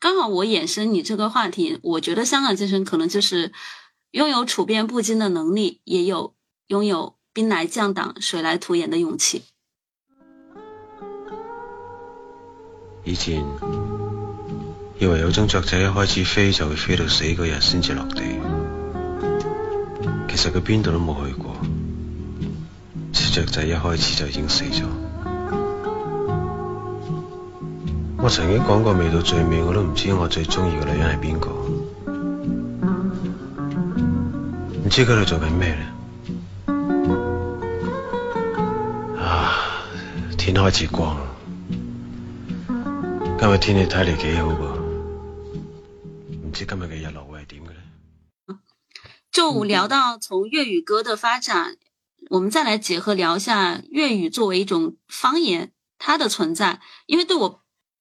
剛好我衍生你這個話題，我覺得香港精神可能就是擁有處變不驚的能力，也有擁有兵來將擋、水來土掩的勇氣。以前以為有隻雀仔一開始飛就會飛到死個，嗰日先至落地。其實佢邊度都冇去過，隻雀仔一開始就已經死咗。我曾經講過，未到最尾，我都唔知我最中意嘅女人係邊個，唔知佢哋做緊咩咧。啊，天開始光，今日天氣睇嚟幾好噃，唔知今日嘅日落會係點嘅咧。就聊到從粵語歌嘅發展，我哋再來結合聊下粵語作為一種方言，它的存在，因為對我。